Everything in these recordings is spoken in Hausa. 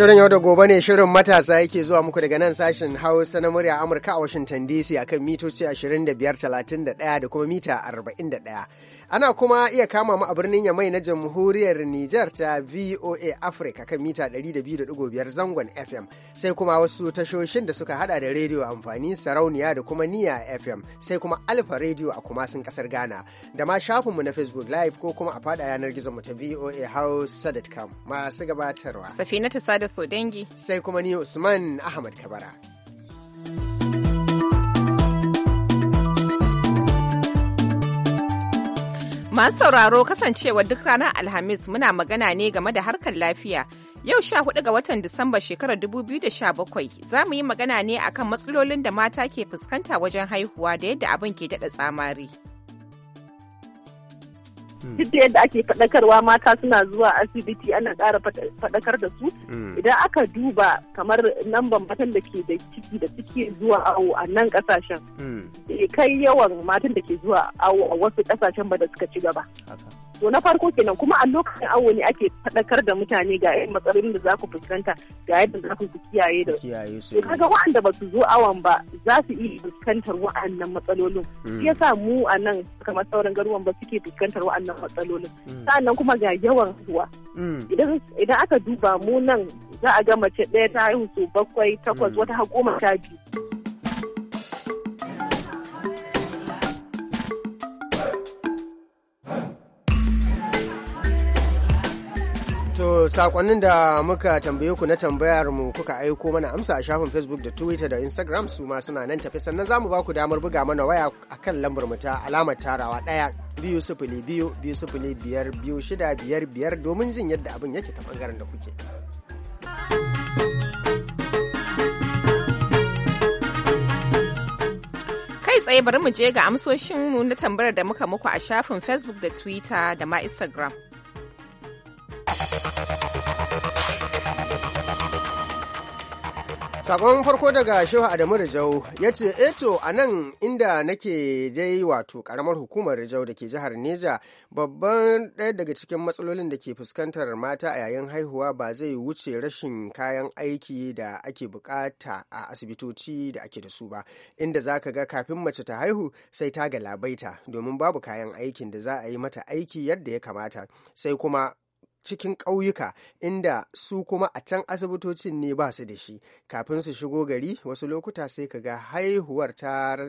Shirin yau da gobe ne shirin matasa yake zuwa muku daga nan sashen Hausa na murya Amurka a Washington DC a kan mitoci 25,31 da kuma mita 41. Ana kuma iya kama mu a birnin Yamai na Jamhuriyar Nijar ta VOA Africa kan mita 200.5 zangon FM sai kuma wasu tashoshin da suka hada da rediyo amfani sarauniya da kuma niya FM sai kuma Alfa rediyo a kumasin kasar Ghana da ma shafinmu na Facebook Live ko kuma a fada yanar gizon mu ta VOA Hausa.com masu gabatarwa. Safina ta sada so dangi. Sai kuma ni Usman Ahmad Kabara. Masu sauraro kasancewa duk ranar Alhamis muna magana ne game da harkar lafiya. Yau sha hudu ga watan Disamba shekarar 2017 za mu yi magana ne akan matsalolin da mata ke fuskanta wajen haihuwa da yadda abin ke daɗa tsamari. Mm. duk da yadda ake faɗakarwa mata suna zuwa asibiti ana ƙara faɗakar da su mm. idan aka duba kamar namban matan da ke da ciki da suke zuwa awo a nan ƙasashen mm. kai yawan matan da ke zuwa awo a wasu ƙasashen ba da suka ci gaba to na farko kenan kuma a lokacin awo ne ake faɗakar da mutane ga irin matsalolin da za ku fuskanta ga yadda za ku kiyaye da su kaga wa'anda ba su zo awon ba za su iya fuskantar wa'annan matsalolin mm. shi yasa mu a nan kamar sauran garuwan ba suke fuskantar wa'annan matsalolin mm. sa'annan kuma ga yawan ruwa mm. idan aka duba mu nan za a ga mace ɗaya ta haihu so bakwai takwas wata har goma biyu sakonnin da muka tambaye ku na tambayar mu kuka aiko mana amsa a shafin facebook da twitter da instagram su ma suna nan tafi sannan za mu ba ku damar buga mana waya a kan lambar mu ta alamar tarawa ɗaya biyu sifili biyu biyu sifili biyar biyu shida biyar biyar domin jin yadda abin yake ta bangaren da kuke. kai tsaye bari mu je ga amsoshin mu na tambayar da muka muku a shafin facebook da twitter da ma instagram sakon farko daga shehu adamu rijau ya ce eto eh a nan inda nake dai wato karamar hukumar rijau da ke jihar neja babban ɗaya daga cikin matsalolin da ke fuskantar mata a yayin haihuwa ba zai wuce rashin kayan aiki da ake bukata a asibitoci da ake da su ba inda za ka ga kafin mace ta haihu sai ta galabaita domin babu kayan aikin da za a yi mata aiki yadda ya kamata sai kuma cikin ƙauyuka inda su kuma a can asibitocin ne ba su da shi kafin su shigo gari wasu lokuta sai ka ga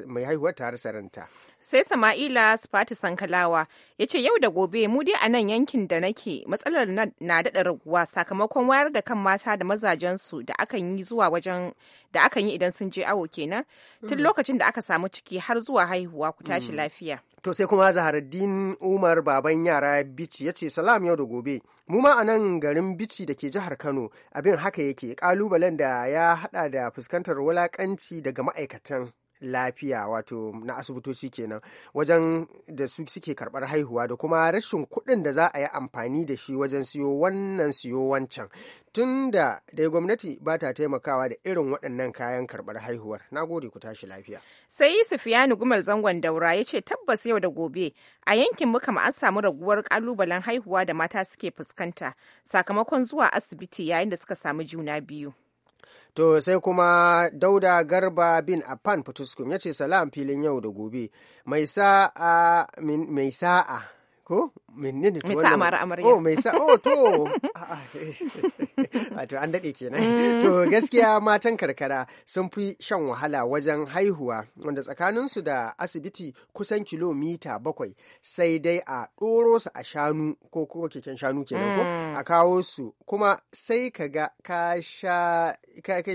mai haihuwar ta rasa ranta sai sama'ila sufati sankalawa ya ce yau da gobe mu dai a nan yankin da nake matsalar na daɗa raguwa sakamakon wayar da kan mata da mazajensu da akan yi zuwa wajen da akan yi idan sun je awo kenan tun mm. lokacin da aka samu ciki har zuwa haihuwa ku tashi mm. lafiya to sai kuma zaharaddin umar baban yara bici ya ce salam yau da gobe mu ma a nan garin bici da ke jihar kano abin haka yake kalubalen da ya hada da fuskantar wulakanci daga ma'aikatan lafiya wato na asibitoci kenan wajen da su suke karɓar haihuwa da kuma rashin kuɗin da za a yi amfani da shi wajen siyo wannan siyo wancan tun da dai gwamnati ba ta taimakawa da irin waɗannan kayan karbar haihuwar na gode ku tashi lafiya sai sufiyanu gumal zangon daura ya ce tabbas yau da gobe a yankin muka an samu raguwar kalubalen haihuwa da mata suke fuskanta sakamakon zuwa asibiti yayin da suka samu juna biyu To sai kuma Dauda Garba bin Affan Fatuskum ya ce salam filin yau da gobe. Mai sa'a mai sa'a ko? Mai sa'a mara amarya. Oh, mai sa'a. Oh, to. wato an daɗe kenan mm. to gaskiya matan karkara sun fi shan wahala wajen haihuwa wanda tsakaninsu da asibiti kusan kilomita bakwai sai dai a ɗoro su a shanu ko kuma keken shanu kenan ko mm. a kawo su kuma sai ka ga ka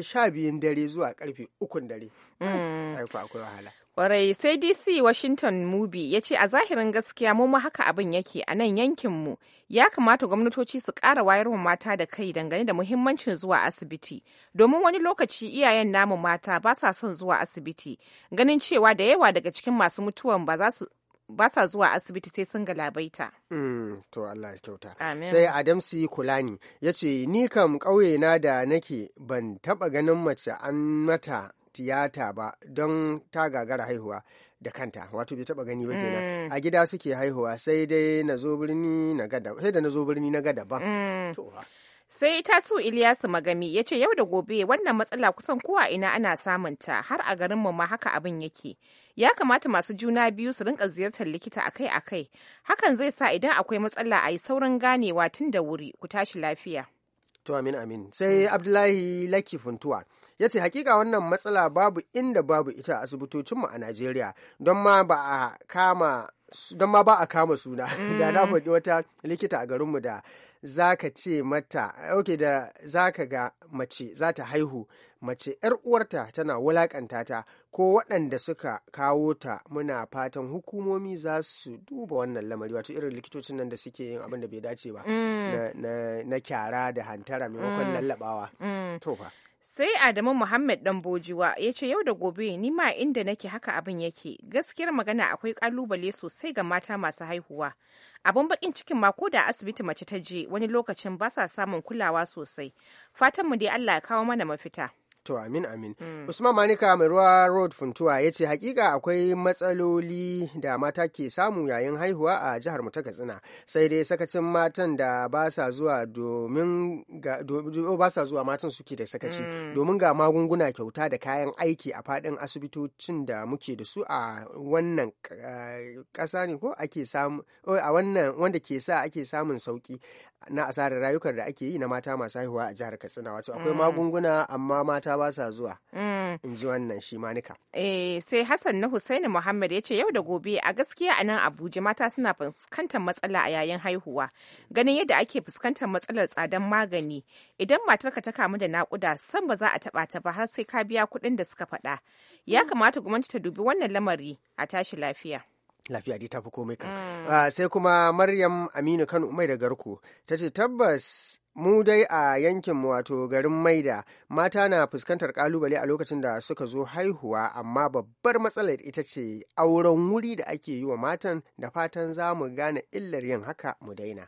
sha biyun dare zuwa karfe ukun dare aiko mm. akwai wahala Kwarai sai DC Washington Mubi ya ce a zahirin gaskiya mu ma haka abin yake a nan yankinmu ya kamata gwamnatoci su ƙara wayarwa mata da kai dangane da muhimmancin zuwa asibiti domin wani lokaci iyayen namu mata ba sa son zuwa asibiti ganin cewa da yawa daga cikin masu mutuwan ba za su ba sa zuwa asibiti sai sun galabaita. Mm, to Allah ya kyauta. Sai Adamsi Kulani ya ce, Ni kam ƙauye na da nake ban taɓa ganin mace an mata tiyata ba don ta gagara haihuwa da kanta wato bai taba gani ba kenan mm. a gida suke haihuwa sai dai na zo birni na gada sai da na zo ba mm. sai su Ilyasu Magami ya ce yau da gobe wannan matsala kusan kowa ina ana samunta har a mu ma haka abin yake. Ya kamata masu juna biyu su rinka ziyartar likita akai-akai. Hakan zai sa idan akwai matsala a yi saurin ganewa tun da wuri ku tashi lafiya. To amin amin. Sai mm. Abdullahi Laki Funtuwa ya ce hakika wannan matsala babu inda babu ita a asibitocinmu a Najeriya don ma ba a kama don ma ba a kama suna da na mm. faɗi wata likita a garinmu da za ce mata ok da za ka ga mace za ta haihu mace yar uwarta tana wulakanta ta ko waɗanda suka kawo ta muna fatan hukumomi za su duba wannan lamari wato irin likitocin nan da suke yin abin da bai dace ba mm. na kyara da hantara maimakon mm. lallabawa mm. to sai adamu muhammad dan bojiwa ya ce yau da gobe ni ma inda nake haka abin yake gaskiyar magana akwai kalubale sosai ga mata masu haihuwa abin bakin cikin ma ko da asibiti mace ta je wani lokacin ba sa samun kulawa sosai fatanmu dai allah ya kawo mana mafita To amin amin. Mm. Usman Manika mai ruwa Road Funtuwa ya ce hakika akwai matsaloli da mata ke samu yayin haihuwa a jihar mu ta Katsina. Sai dai sakacin matan da ba sa zuwa domin ga do, matan suke da sakaci mm. domin ga magunguna kyauta da kayan aiki a fadin asibitocin da muke da su a wannan kasa eh, ne ko ake samu a wannan wanda ke sa ake samun sauki na asarar rayukan da ake yi na mata masu haihuwa a jihar katsina wato akwai mm. magunguna amma mata ba sa zuwa mm. in ji wannan shi manika eh sai hassan na husaini muhammad ya ce yau da gobe a gaskiya a nan abuja mata suna fuskantar matsala a yayin haihuwa ganin yadda ake fuskantar matsalar tsadan magani idan matarka ta kamu da nakuda san ba za a taba ta ba har sai ka biya kuɗin da suka faɗa ya mm. kamata gwamnati ta dubi wannan lamari a tashi lafiya lafiya dai tafi komai kan mm. ah, sai kuma maryam aminu kano mai da garku ta ce tabbas mu dai a yankin wato garin maida mata na fuskantar kalubale a lokacin da suka zo haihuwa amma babbar matsalar ita ce auren wuri da ake yi wa matan da fatan za mu gane illar yin haka mu daina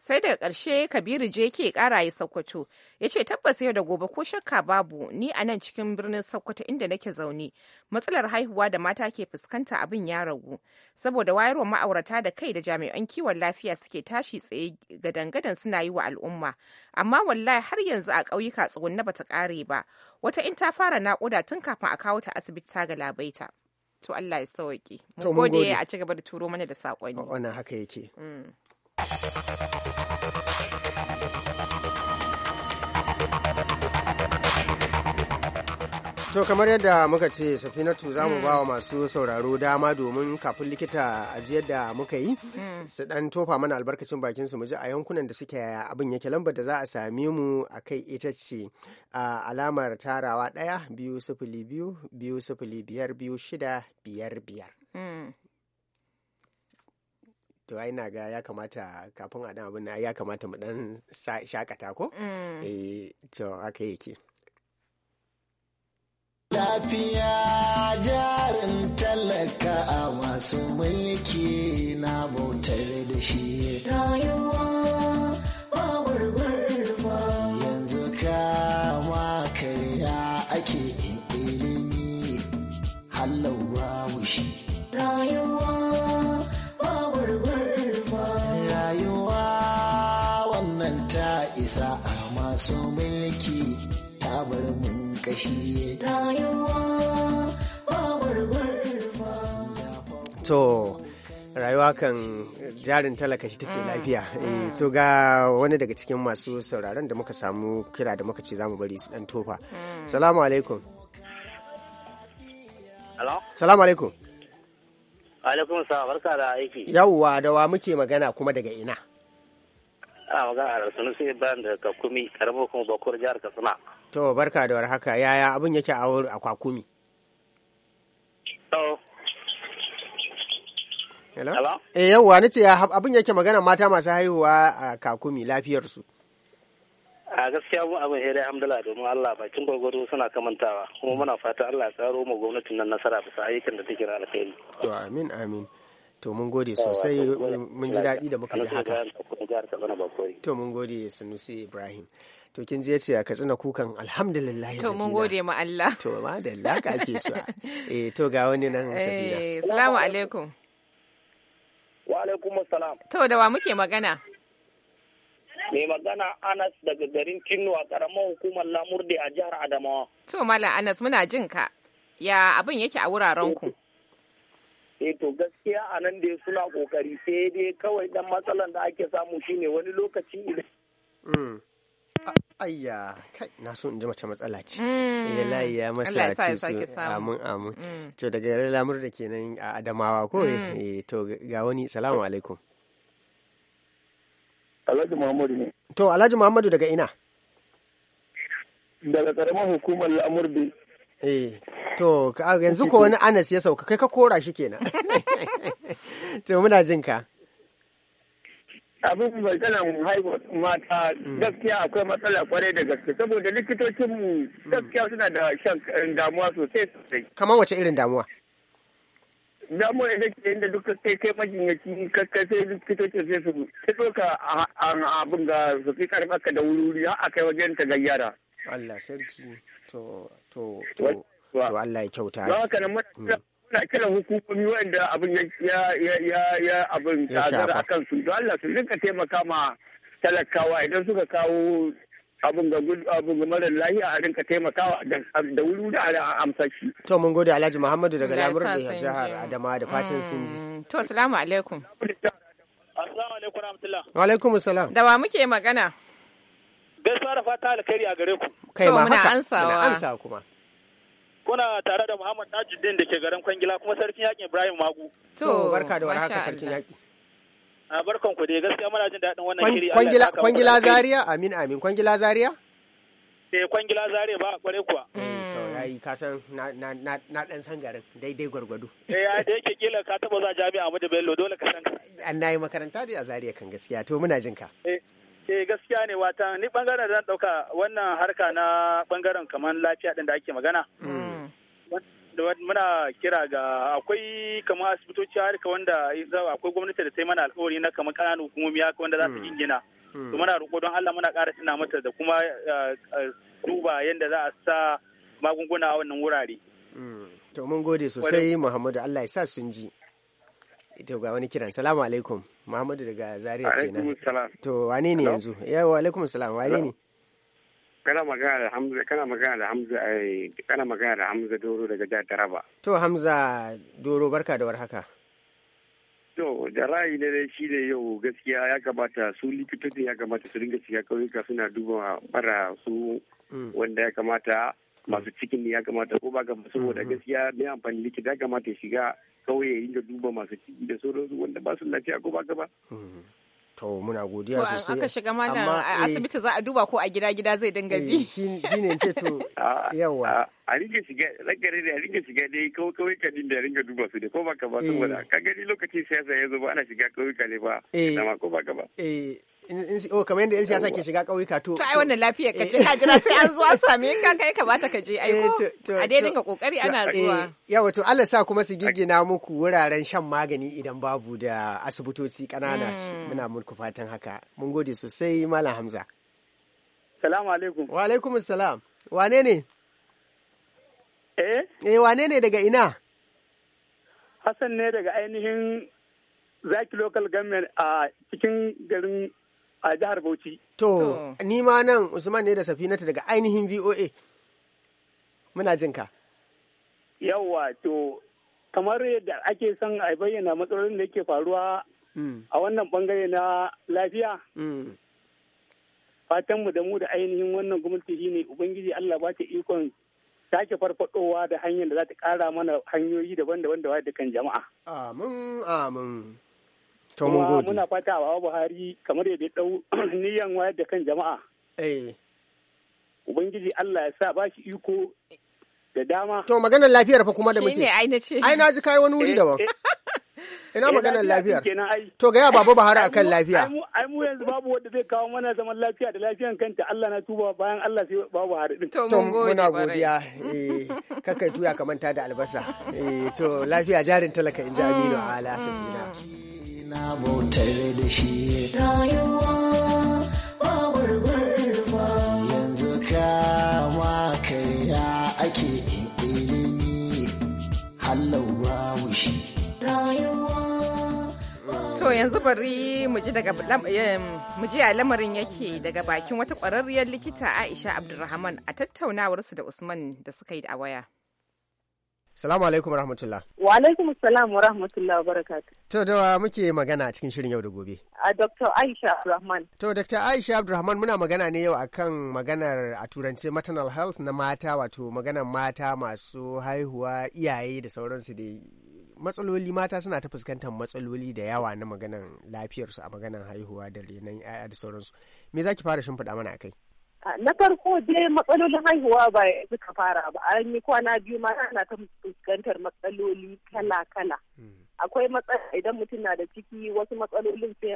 sai daga ƙarshe kabiru je ke kara ya sokoto ya ce tabbas yau da gobe ko shakka babu ni a nan cikin birnin sokoto inda nake zaune matsalar haihuwa da mata ke fuskanta abin ya ragu saboda wayarwa ma'aurata da kai da jami'an kiwon lafiya suke tashi tsaye gadan-gadan suna yi wa al'umma amma wallahi har yanzu a ƙauyuka tsugunna bata ƙare ba wata in ta fara naƙuda tun kafin a kawo ta asibiti ta galabaita to Allah ya sauki mu gode a ci gaba da turo mana da sakonni wannan haka yake mm. To kamar yadda muka ce safinatu za mu mm. ba wa masu sauraro dama domin kafin likita ajiyar da muka yi mm. su dan tofa mana albarkacin bakin su ji a yankunan da suke abin yake lambar da za a same mu a kai ita ce alamar tarawa ɗaya biyu sifili biyu biyu sifili biyar biyu shida biyar biyar. Mm. to ai na ga ya kamata kafin a dan abin na ya kamata mu dan shakata ko mm. eh to haka yake lafiya jarin talaka a masu mulki na bautar da shi rayuwa ba ba yanzu kama karya ake ilimi rayuwa so mulki ta bar mun kashi rayuwa ba warwarfa to rayuwa kan jarin talaka shi take lafiya mm. eh, to ga wani daga cikin masu sauraron da muka samu kira da muka ce zamu bari su dan tofa mm. salamu alaikum salamu alaikum alaikum sa barka da aiki yawwa da wa muke magana kuma daga ina A'a magana da sanusi da kakumi karamar kuma bakwar jihar katsina to barka da warhaka yaya abin yake a wurin a kakumi. Hello? Eh ni ce abin yake magana mata masu haihuwa a kakumi lafiyarsu. A gaskiya mu abin hira alhamdulillah domin Allah bakin gwagwado suna kamantawa kuma muna fata Allah ya tsaro mu gwamnatin nan nasara bisa ayyukan da take alkhairi. To amin amin. To mun gode sosai mun ji daɗi da muka ji haka. jihar Katsina Bakori. To mun gode Sanusi Ibrahim. To kin je ce a Katsina kukan alhamdulillah ya To mun gode ma Allah. To ma da Allah ka ake so. Eh to ga wani nan sabila. Eh assalamu alaikum. Wa alaikum assalam. To da wa muke magana? mai magana anas daga garin kinno a karamar hukumar lamurde a jihar adamawa to malam anas muna jin ka ya abin yake a wuraren ku eh, eh to gaskiya a nan dai suna kokari sai dai kawai dan matsalan da ake samu shine wani lokaci idan mm. ayya kai na so in ji mace matsala ce ya mm. eh, layi ya masa tusu amin amin mm. to daga yare lamur da kenan a adamawa ko eh, eh to ga wani salamu alaikum Alhaji Muhammadu ne to Alhaji Muhammadu daga ina daga karamar hukumar lamurbe eh To, yanzu ko wani Anas ya sauka, kai ka kora shi kenan. To, muna jin ka. Abin mu haihuwar mata gaskiya akwai matsala kwarai da gaske saboda likitocinmu gaskiya suna da shan eh, damuwa sosai sosai. Kamar wace irin damuwa? damuwa ita ke inda duka kai kai majinyaci kakkai sai likitocin sai su sai doka abin ga su fi karfaka da wuri-wuri har a kai wajen ta gayyara. Allah sarki to to to to Allah ya kyauta mm. muna kiran hukumomi wanda abin ya ya abin tsadar a kansu don Allah su rinka taimaka ma talakawa idan suka kawo abin ga abin ga marar lahiya a rinka taimakawa da wuri da a amsa shi. To mun gode Alhaji Muhammadu daga Lamur da jihar Adama da fatan sun ji. Mm. To assalamu alaikum. Assalamu alaikum rahmatullah. Wa alaikum salam. Da wa muke magana? Gaisuwa da fata alkhairi a gare ku. Kai ma haka. Muna ansawa. ansa kuma. kuna tare da Muhammad Tajuddin da ke garin Kwangila kuma sarkin yakin Ibrahim Magu. To barka da warhaka sarkin yaki. A barkan ku dai gaskiya muna jin daɗin wannan shiri. Kwangila Kwangila Zaria amin amin Kwangila Zaria? Eh Kwangila Zaria ba kware kuwa. Eh, to yayi ka san na na na dan san garin daidai gwargwado. Eh a da yake kila ka taba za jami'a Ahmadu Bello dole ka san. An eh, nayi makaranta dai a Zaria kan gaskiya to muna jin ka. Eh eh gaskiya ne wata ni bangaren zan dauka wannan harka na bangaren kamar lafiya din da ake magana. Mm. muna kira ga akwai kamar asibitoci harka wanda akwai gwamnati da ta yi mana alkawari na kamar kananan hukumomi haka wanda za su gingina hmm. hmm. to muna roƙo don Allah muna ƙara tuna mata da kuma eh, eh, duba yadda za a sa magunguna a wannan wurare hmm. to mun gode sosai Muhammadu Allah ya sa sun ji to ga wani kiran salamu alaikum Muhammadu daga Zaria kenan to wane ne yanzu yawa alaikum salam wane ne kana magana da Hamza kana magana da Hamza ai eh, kana magana da Hamza Doro daga jihar Taraba to Hamza Doro barka da warhaka to da ra'ayi na dai shi ne yau gaskiya ya kamata su likitoci ya kamata su ringa shiga kauyuka suna duba bara su mm. wanda ya kamata mm. masu cikin ya kamata ko ba gaba saboda mm-hmm. gaskiya mai amfani likita ya kamata shiga kauye ya ringa duba masu ciki da sauransu wanda ba su lafiya ko ba gaba to muna godiya sosai aka shiga mana a eh, asibiti za a duba ko a gida gida zai dinga eh, bi ne ce to yawa a ringa shiga lagare da a ringa shiga dai kawai kawai ka din da ringa duba su da ko ba ka ba ba eh. ka gani lokacin siyasa ya zo ba ana shiga kawai ka ne ba da ma ko ka ba oh kamar yadda yan siyasa ke shiga ƙauyuka to to ai wannan lafiyar ka ce eh. ka jira sai an zuwa same ka kai bata ka je ai eh, ko a daidai ga kokari ana zuwa eh, yawa to Allah sa kuma su giggina muku wuraren shan magani idan babu da asibitoci kanana mm. muna muku fatan haka mun gode sosai malam Hamza salamu alaikum wa alaikum salam wane ne eh eh wane ne daga ina Hassan ne daga ainihin zaki local government a cikin garin a jihar Bauchi. To, ni ma nan Usman ne da safinata daga ainihin VOA. Muna jin ka. Yawwa, to, kamar yadda ake son a bayyana matsalolin da yake faruwa hmm. a wannan bangare na lafiya. Hmm. Fatanmu da mu da ainihin wannan gwamnati ne Ubangiji Allah ba ta ikon sake farfadowa da hanyar da za ta kara mana hanyoyi daban-daban da da kan jama'a. Amin, amin. Kuma muna fata a Buhari kamar yadda dau niyan wayar da kan jama'a. Eh. Ubangiji Allah ya sa ba shi iko da dama. To maganar lafiyar fa kuma da muke. Shine ai na Ai na ji kai wani wuri da eh, daban. Eh. Ina maganar lafiyar. To ga ya babu Buhari akan lafiya. Ai mu yanzu babu wanda zai kawo mana zaman lafiya da lafiyan kanta Allah na tuba bayan Allah sai babu Buhari din. To muna godiya. Eh kakai tuya kamanta da albasa. Eh to lafiya jarin talaka in ji Aminu Ala Sabina. Mm. Ina bautar da shi rayuwa ba warwarwa. Yanzu kama karya ake ilimi halawa shi. To yanzu bari mu ji daga mu ji a lamarin yake daga bakin wata ƙwararriyar likita Aisha Abdulrahman a tattaunawarsu da Usman da suka yi a waya. Salamu alaikum rahmatullah. Wa alaikum salam wa rahmatullah wa barakatu. To da muke magana cikin shirin yau da gobe. A Dr. Aisha Abdulrahman. To Dr. Aisha Abdulrahman muna magana ne yau akan maganar a turance maternal health na mata wato maganar mata masu haihuwa iyaye da sauransu dai matsaloli mata suna ta fuskantar matsaloli da yawa na maganan lafiyarsu a maganan haihuwa da renon 'ya'ya da sauransu me za ki fara shimfiɗa mana akai na farko dai matsalolin haihuwa ba suka fara ba an yi kwana biyu ma ana ta fuskantar matsaloli kala-kala. Hmm. Akwai matsala idan mutum na da ciki wasu matsalolin sai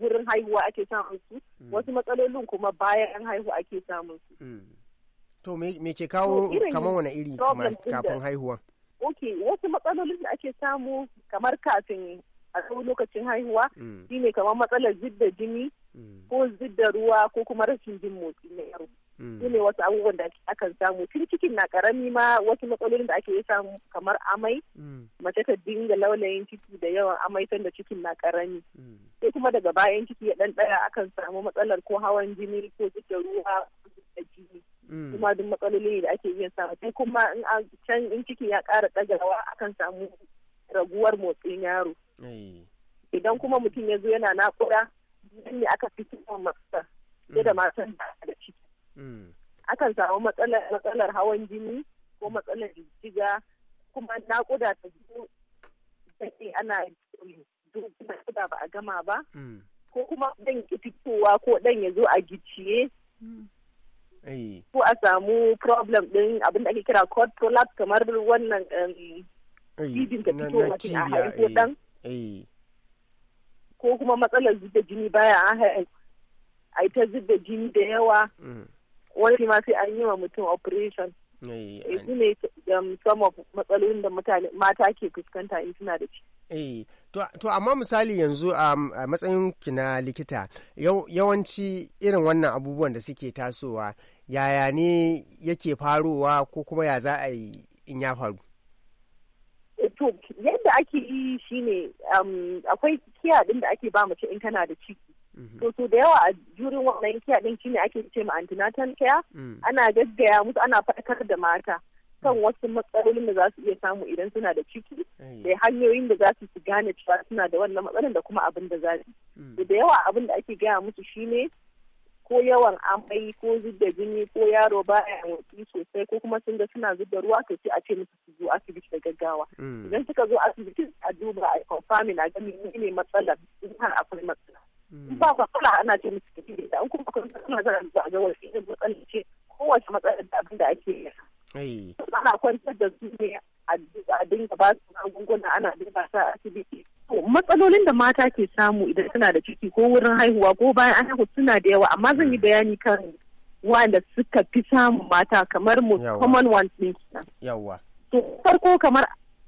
gurin haihuwa ake samun su, hmm. wasu matsalolin kuma bayan haihuwa ake samun su. Hmm. To me ke kawo kamar wani iri kafin haihuwa? Ok, wasu matsalolin da ake samu kamar kafin a lokacin haihuwa shine kamar matsalar zidda jini ko zidda ruwa ko kuma rashin jin motsi na yaro. Mm. su ne wasu abubuwan da akan samu tun cikin na karami ma wasu matsalolin da ake samu kamar amai mm. mace ta dinga laulayin ciki da yawan amai tun da cikin na karami mm. sai kuma daga bayan ciki ya dan daya akan samu matsalar ko hawan jini ko zuke ruwa da jini kuma duk matsaloli da ake iya samu sai kuma in can in ciki ya kara ɗagawa akan samu raguwar motsin yaro idan kuma mutum ya zo yana nakuda ne aka fi kiwon masu da matan Mm. akan samu matsalar hawan jini ko matsalar jijjiga kuma naƙuda ta biyu sai ana naƙuda ba a gama ba mm. ko kuma dan fitowa ko dan ya zo a gicciye mm. ko a samu problem din abin da ake kira cord prolapse kamar wannan jijin um, ta fito a dan ko kuma matsalar zuba jini baya a ta zuba jini da yawa wani ma sai an yi wa mutum operation eh, su ne um, sama matsalolin da mata ke fuskanta in suna da shi to amma misali yanzu um, a matsayin ki na likita yawanci irin wannan abubuwan da suke tasowa yaya ne yake faruwa ko kuma ya za a yi in ya faru eh, to yadda ake yi shine um, akwai kiya ɗin da ake ba mace in kana da ciki Mhm. to su da yawa a jurin wannan kiya din ne ake ce ma antenatal care mm. ana gaggaya musu ana faɗakar da mata kan wasu matsalolin da za su iya samu idan suna da ciki da hanyoyin da za su su gane cewa suna da wannan matsalar da kuma abin da za su mm. da yawa abin da ake gaya musu shine ko yawan amai ko da jini ko yaro baya motsi sosai ko kuma sun ga suna zidda ruwa to sai a ce musu su zo asibiti da gaggawa mm. idan suka zo asibiti a duba a confirming a ga menene matsalar in har akwai matsala Mm. ba ba kula ana ce masu tafi da ita an kuma akwai suna zara da a gawar irin matsalar ce kowace matsalar da abin da ake yi ana kwantar da su ne a dinga ba su magunguna ana dinga sa asibiti to matsalolin da mata ke samu idan suna da ciki ko wurin haihuwa ko bayan an haihu suna da yawa amma zan yi mm. bayani kan wanda suka fi samun mata kamar mu common ones ne yawa to farko kamar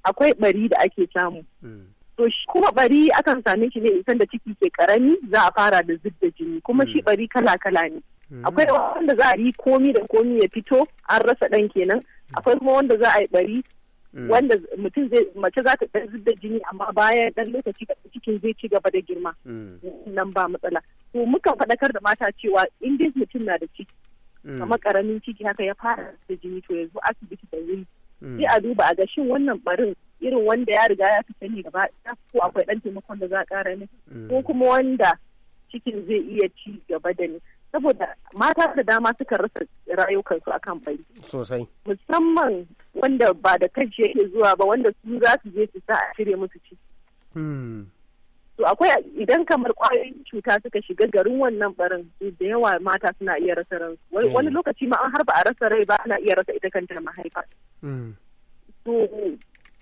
akwai bari da ake samu mm. to kuma bari akan same shi ne isan da ciki ke karami za a fara da zub da jini kuma shi hmm. bari kala kala ne hmm. akwai wanda za a yi komi da komi ya fito an rasa dan kenan hmm. akwai kuma wanda za a yi bari wanda mutum zai mace za ta dan zub da jini amma bayan dan lokaci cikin zai ci gaba da girma nan ba matsala to mukan faɗakar da mata cewa in dai mutum na da ciki kamar karamin ciki haka ya fara da jini to yanzu asibiti da wuri sai a duba a ga shin wannan barin irin wanda ya riga ya fita ne gaba ko akwai ɗan taimakon da za a ƙara ne ko mm. kuma wanda cikin zai iya ci gaba da ni saboda mata da dama suka rasa rayukansu akan bai sosai musamman wanda ba da kashi yake zuwa ba wanda su za su je su sa a cire musu ci. Hmm. to akwai idan kamar kwayoyin cuta suka shiga garin wannan barin da yawa mata suna iya rasa ransu wani hmm. lokaci ma an harba a rasa rai ba ana iya rasa ita kanta mahaifa hmm. to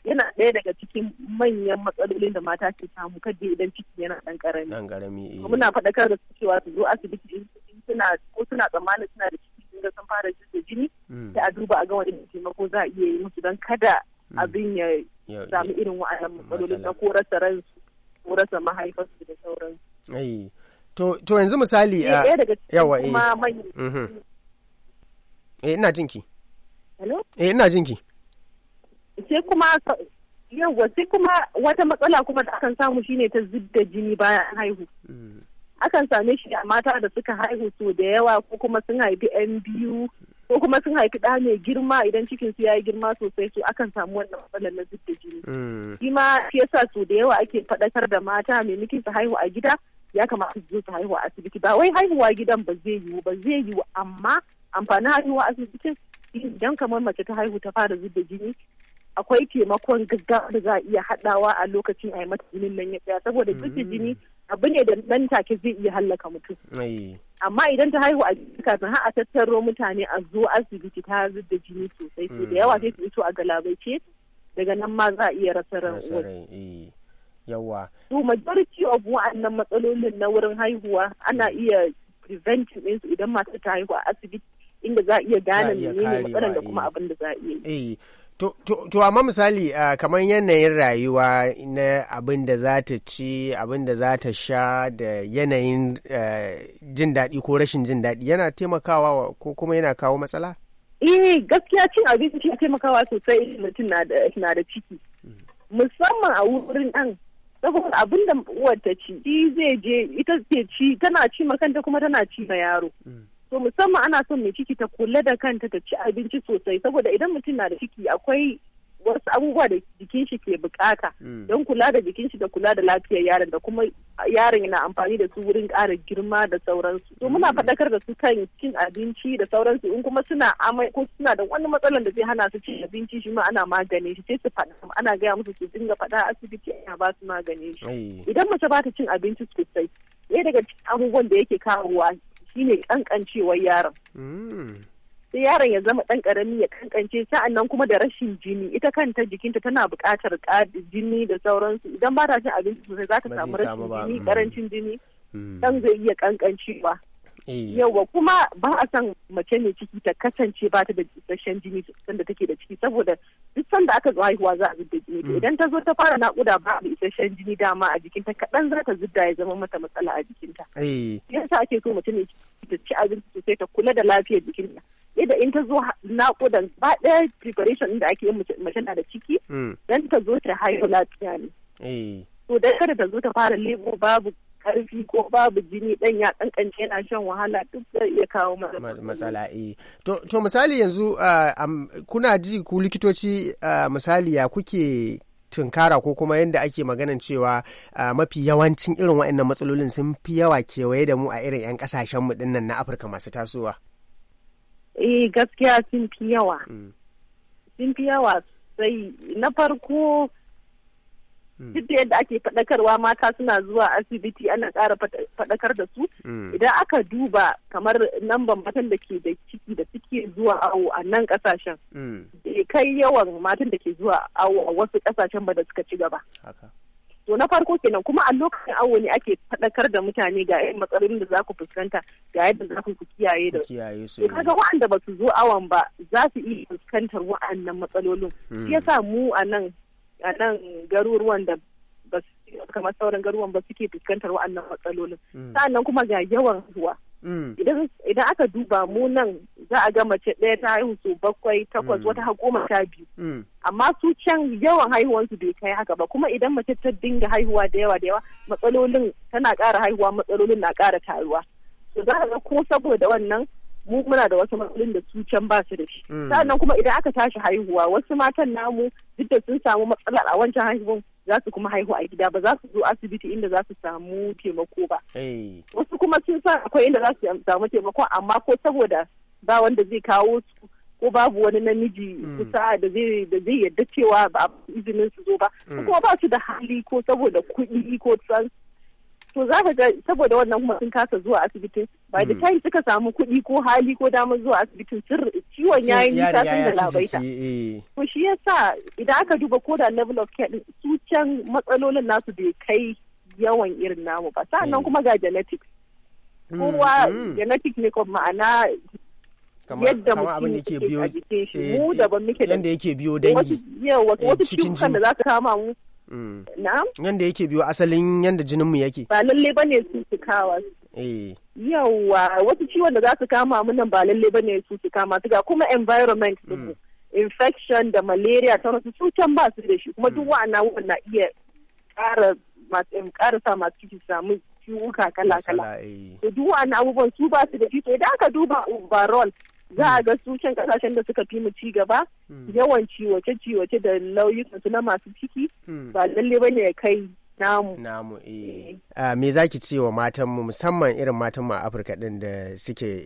yana ɗaya daga cikin manyan matsalolin da mata ke samu kadai idan ciki yana ɗan ƙarami. Ɗan ƙarami. Eh. Muna faɗakar da su cewa su zo asibiti suna ko suna tsammanin suna da ciki sun ga sun fara da jini. Hmm. Sai a duba a ga wani taimako za a iya yi musu don kada hmm. abin ya samu irin wa'annan matsalolin na ko rasa ransu ko rasa mahaifarsu da sauransu. To yanzu misali eh, a yawa eh. Kuma mm-hmm. Eh ina jinki. Hello? Eh ina jinki. sai kuma yawwa sai kuma wata matsala kuma da akan samu shine ta zub da jini bayan haihu mm. akan same shi a mata da suka haihu so da yawa ko kuma sun haifi yan biyu ko kuma sun haifi ɗa mai girma idan cikin su yayi girma sosai so akan samu wannan matsalar na zub da jini mm. shi ma shi yasa so da yawa ake faɗakar da mata maimakon su haihu a gida ya kamata su zo su haihu a asibiti ba wai haihuwa gidan ba zai yiwu ba zai yiwu amma amfanin haihuwa asibitin idan kamar mace ta haihu ta fara zub da jini akwai taimakon gaggawa da za a iya haɗawa a lokacin a yi mata jinin nan ya tsaya saboda mm. zuci jini abu ne da ɗan take zai iya hallaka mutum. Amma idan ta haihu a kafin har a tattaro mutane a zo asibiti ta da jini sosai sai da mm. yawa sai su iso a galabaice daga nan ma za a iya rasa ran eh. Yawa. To majority of wa'annan matsalolin na wurin haihuwa ana iya preventing ɗinsu idan matar ta haihu a asibiti inda za a iya gane menene matsalar da kuma eh. abin da za a iya yi. Eh, To amma misali uh, kamar yanayin rayuwa na abin da za ta ci abin da za ta sha da yanayin uh, jin daɗi ko rashin jin daɗi yana taimakawa ko kuma yana kawo matsala? Eh gaskiya cin abinci ya taimakawa sosai mutum na da ciki. Musamman a wurin ɗan saboda abin da uwar ci, shi zai je ita ce ci tana ci makanta kuma tana ci ma yaro. Mm. so musamman ana son mai ciki ta kula da kanta ta ci abinci sosai saboda idan mutum na da ciki akwai wasu abubuwa da jikin shi ke bukata hmm. don kula da jikin shi da kula da lafiyar yaron da kuma yaron yana amfani da su wurin kara girma da sauransu to muna hmm. faɗakar da su kan cin abinci da sauransu in kuma suna amai ko suna da wani matsalar da zai hana su cin abinci shi ma ana magani shi sai su faɗa ana gaya musu su dinga faɗa asibiti ana ba su magani shi idan mace ba ta cin abinci sosai ɗaya daga cikin abubuwan da yake kawowa shine kankancewar yaron mm. sai yaron ya zama ɗan ƙarami ya kankance nan kuma da rashin jini ita kanta jikinta tana buƙatar jini da sauransu idan ba ta cin abinci sosai za ta samu rashin jini mm. ƙarancin jini ɗan mm. zai iya kankancewa Eh. yawa kuma ba a san mace ne ciki ta kasance ba ta da isasshen jini sanda take da ciki saboda duk sanda aka zo haihuwa za a zubda jini mm. idan ta zo ta fara nakuda ba da isasshen jini dama a jikinta kaɗan za ta zubda ya zama mata matsala a jikinta eh. yasa ake so mace ne ciki ta ci abinci sosai ta kula da lafiyar jikinta yadda in ta zo nakudan ba ɗaya preparation da ake yin mace na da ciki mm. dan ta zo ta haihu lafiya ne eh. to da kada ta zo ta fara lebo babu karfi ko babu jini dan ya kankance yana shan wahala duk zai iya kawo matsala eh. to to misali yanzu ah, kuna ji ku likitoci ah, misali ya kuke tunkara ko kuma yadda ake maganan cewa ah, mafi yawancin irin waɗannan matsalolin sun fi yawa kewaye da mu a irin 'yan kasashen mu dinnan na afirka masu tasowa eh gaskiya sun fi yawa mm. sun fi yawa sai na farko Mm. duk da yadda ake faɗakarwa mata suna zuwa asibiti ana kara faɗakar da su mm. idan aka duba kamar namban matan da ke da ciki da suke zuwa awo a nan ƙasashen mm. kai yawan matan da ke zuwa awo a wasu kasashen ba da suka ci gaba to na farko kenan kuma a lokacin awo ne ake faɗakar da mutane ga 'yan matsalolin da za ku fuskanta ga yadda za ku kiyaye da su kaga eh. waɗanda ba su zo awon ba za su iya fuskantar wa'annan matsalolin shi yasa mu a nan a nan garuruwan da kamar sauran garuruwan ba suke fuskantar wa'annan matsalolin mm. sa'annan kuma ga yawan ruwa mm. idan aka duba mu nan za a ga mace ɗaya ta haihu su bakwai takwas mm. wata har goma biyu amma su can yawan haihuwansu bai kai haka ba kuma idan mace ta dinga haihuwa da yawa da yawa matsalolin tana ƙara haihuwa matsalolin na ƙara taruwa to za a ga ko saboda wannan mu muna da wasu matsalolin da su can ba su da shi mm. sannan kuma idan aka tashi haihuwa wasu matan namu duk da sun samu matsalar a wancan haihuwan za su kuma haihu a gida ba za su zo asibiti inda za su samu taimako ba wasu kuma sun san akwai inda za su samu taimako amma ko saboda ba wanda zai kawo su ko babu wani namiji mm. kusa da zai da zai yarda cewa ba izinin su zo ba mm. kuma ba su da hali ko saboda kuɗi ko transport to za ka ga saboda wannan kuma sun kasa zuwa asibitin by the hmm. time suka samu kuɗi ko hali ko damar zuwa asibitin sun ciwon ya yi nisa sun da labaita eh. to shi ya sa idan aka duba ko da level of care su can matsalolin nasu bai kai yawan irin namu ba sa'annan hmm. kuma ga genetics hmm, kowa genetic ko ma'ana yadda mutum yake biyo a jikin shi eh, mu eh, daban muke da yake biyo dangi wasu ciwukan da za su kama mu Na'am? Yanda yake biyo asalin yanda mu yake. Ba lalle ba ne su su kawa. Eh. Yawwa wasu ciwon da za su kama mu nan ba lalle ba ne su su kama su ga kuma environment mu. Mm. Infection da malaria ta wasu su can ba su da shi kuma duk mm. wa'annan na iya ƙara ƙara sa masu ciki samu ciwuka kala-kala. Da eh. duk wa'annan abubuwan su ba su da shi to idan aka duba overall za a hmm. ga su can kasashen da suka fi mu ci gaba hmm. yawan ciwace ciwace da lauyukan su na masu ciki hmm. ba lalle bane ya kai namu namu eh, eh. Ah, me zaki ce wa matan mu musamman irin matan mu a Afirka din da suke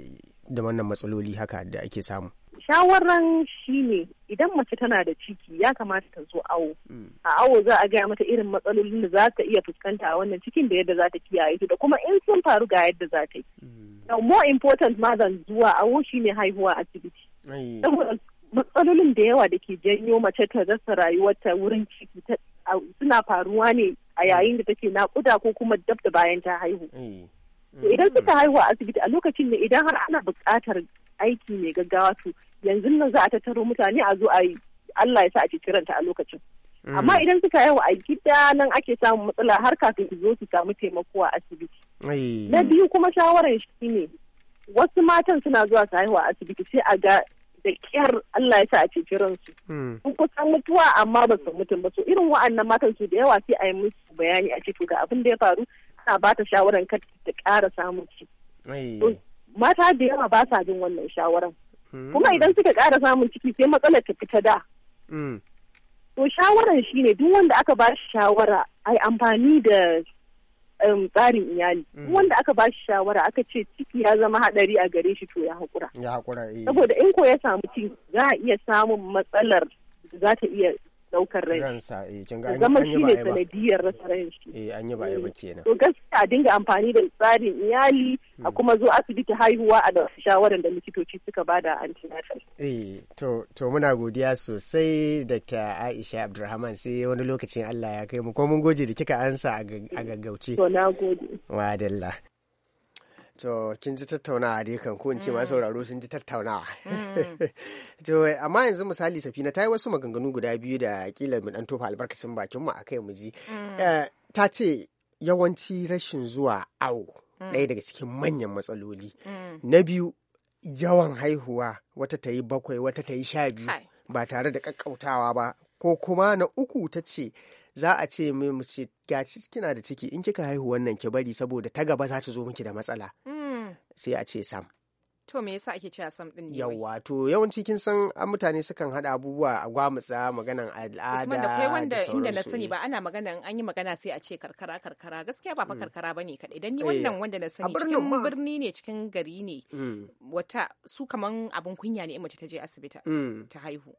da wannan matsaloli haka da ake samu shawarar shi ne idan mace tana da ciki ya kamata ta zo awo mm. a awo za a gaya mata irin matsalolin da za ta iya fuskanta a wannan cikin da yadda za ta kiyaye su da kuma in sun faru ga yadda za ta yi mm. now more important ma zan zuwa awo ne haihuwa asibiti saboda matsalolin da yawa da ke janyo mace ta rasa rayuwarta wurin ciki suna faruwa ne a yayin da take naƙuda ko kuma dab da bayan ta haihu idan suka mm. haihu a asibiti a lokacin ne idan har ana buƙatar aiki mai gaggawa to yanzu nan za a tattaro mutane a zo a yi Allah ya sa a ceci a lokacin mm. amma idan suka yawa a gida nan ake samun matsala har kafin su zo su samu taimako a asibiti na biyu kuma shawarar shi ne wasu matan suna zuwa su haihuwa asibiti sai a ga da kyar Allah ya sa a ceci ransu mm. sun kusan mutuwa amma ba su mutum ba su, irin wa'annan matan su da yawa sai a yi musu bayani a ce to ga abin da ya faru ana ba ta shawaran kar ta ƙara samun ci mata da yawa ba sa bin wannan shawaran hmm. kuma idan suka kara samun ciki sai matsalar ta fita da hmm. to shawaran shine duk wanda aka ba shi shawara ai amfani da um, tsarin iyali hmm. wanda aka ba shi shawara aka ce ciki ya zama hadari a gare shi to ya hakura ya eh. saboda in ko ya samu ciki za a iya samun matsalar za ta iya daukar rai ransa eh kin an yi ba sanadiyar rasa ran shi eh an yi ba ba kenan to gaskiya a dinga amfani da tsarin iyali a hmm. kuma zo asibiti haihuwa a da shawaran da likitoci suka bada antenatal eh to to muna godiya sosai Dr. Aisha Abdulrahman sai wani lokacin Allah ya kai mu ko mun goje da kika ansa a gaggauce to na gode wa to kin ji tattaunawa dai kan ko in ce mm. ma sauraro sun ji tattaunawa mm. to amma yanzu misali safina ta yi wasu maganganu guda biyu da kila mu dan tofa albarkacin bakin mu akai mu ji mm. eh, ta ce yawanci rashin zuwa awo ɗaya daga cikin manyan matsaloli na biyu yawan haihuwa wata ta yi bakwai wata ta yi sha biyu ba tare da kakkautawa ba ko kuma na uku ta ce za a ce mai mu ce gaci kina da ciki in kika haihu wannan ki bari saboda ta gaba za ta zo miki da matsala hmm. sai a ce sam to me yasa ake cewa sam din ne yawa to yawanci kin san an mutane sukan hada abubuwa a gwamutsa maganan al'ada Usman da kai wanda inda na sani eh. ba ana magana an yi magana sai a ce karkara karkara gaskiya ba fa hmm. karkara bane kadai dan ni eh, wannan wanda na sani cikin birni ne cikin gari ne hmm. wata su kaman abun kunya ne in mace ta je asibita. ta haihu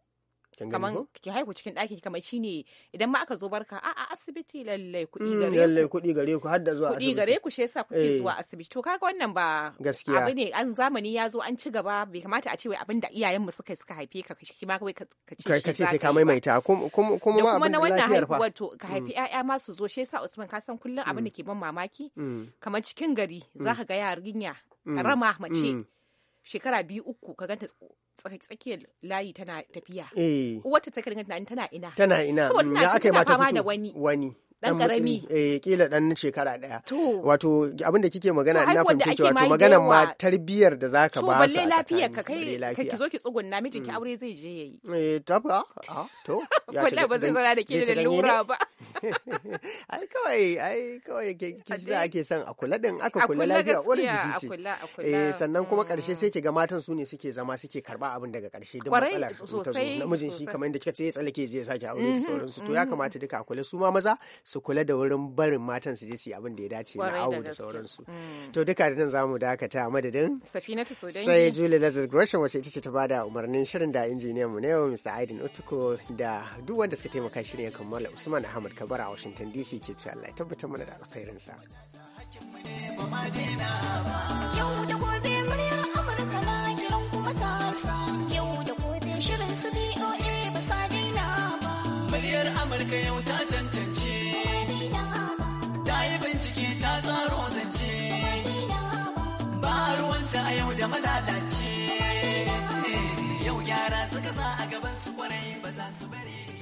kaman ki haihu cikin ɗaki kamar shine idan ma aka zo barka a a asibiti lallai kuɗi mm, gare ku lallai kuɗi gare ku har da zuwa asibiti kuɗi gare ku shi yasa kuke zuwa eh. asibiti to kaga wannan ba gaskiya abu ne an zamani ya zo an ci gaba bai kamata a ce wai abin da iyayen mu suka suka haife ka shi ma kai ka ce sai ka maimaita kuma kuma ma abin da wannan haihuwar to ka haifi mm. ƴaƴa ma su zo shi yasa Usman ka san kullun abin mm. da ke ban mamaki kamar cikin gari za ka ga yarinya karama mace shekara biyu uku ka ganta tsakiyar layi tana tafiya eh. uwarta ta ganta tana ina tana ina saboda tana cikin fama da wani wani dan karami eh kila dan shekara daya wato abinda kike magana ina fahimce ki wato magana ma tarbiyar da zaka ba su balle lafiyar ka kai ka ki zo ki tsugunna mijinki mm. aure zai je yayi eh tafa ah, ah, to ya ce ba zai zana da ke da lura ba ai kawai ai kawai kisa ake san a kula din aka kula lafiya uwar jiki ce eh sannan kuma karshe sai mm. ki ga matan su ne suke zama suke karba abin daga karshe da matsala ta zo namijin shi kamar yadda kika ce ya tsallake ya sake aure da mm-hmm, su. to ya mm-hmm. kamata duka a kula su ma maza su kula da wurin barin matan su je su yi abin da ya dace na awo da sauran su mm. to duka da nan zamu dakata a madadin safinatu sodan sai Julie Lazarus Gresham wacce ita ce ta bada umarnin shirin da injiniyan mu ne Mr. Aidin Utuko da duk wanda suka taimaka shirin ya kammala Usman Ahmad Kabara a Washington DC ke ce Allah ya tabbatar mana da alkhairinsa. Yau da gobe muryar Amurka na kiran yau da gobe shirin su Muryar Amurka yau ta tantance. Ta yi bincike ta tsaro zance. Ba ruwanta a yau da malalace. Eh, yau gyara suka sa a gaban su kwarai ba za su bari.